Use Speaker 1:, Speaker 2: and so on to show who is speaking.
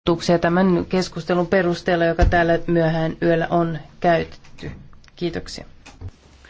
Speaker 1: ehdotuksia tämän keskustelun perusteella, joka täällä myöhään yöllä on käytetty. Kiitoksia.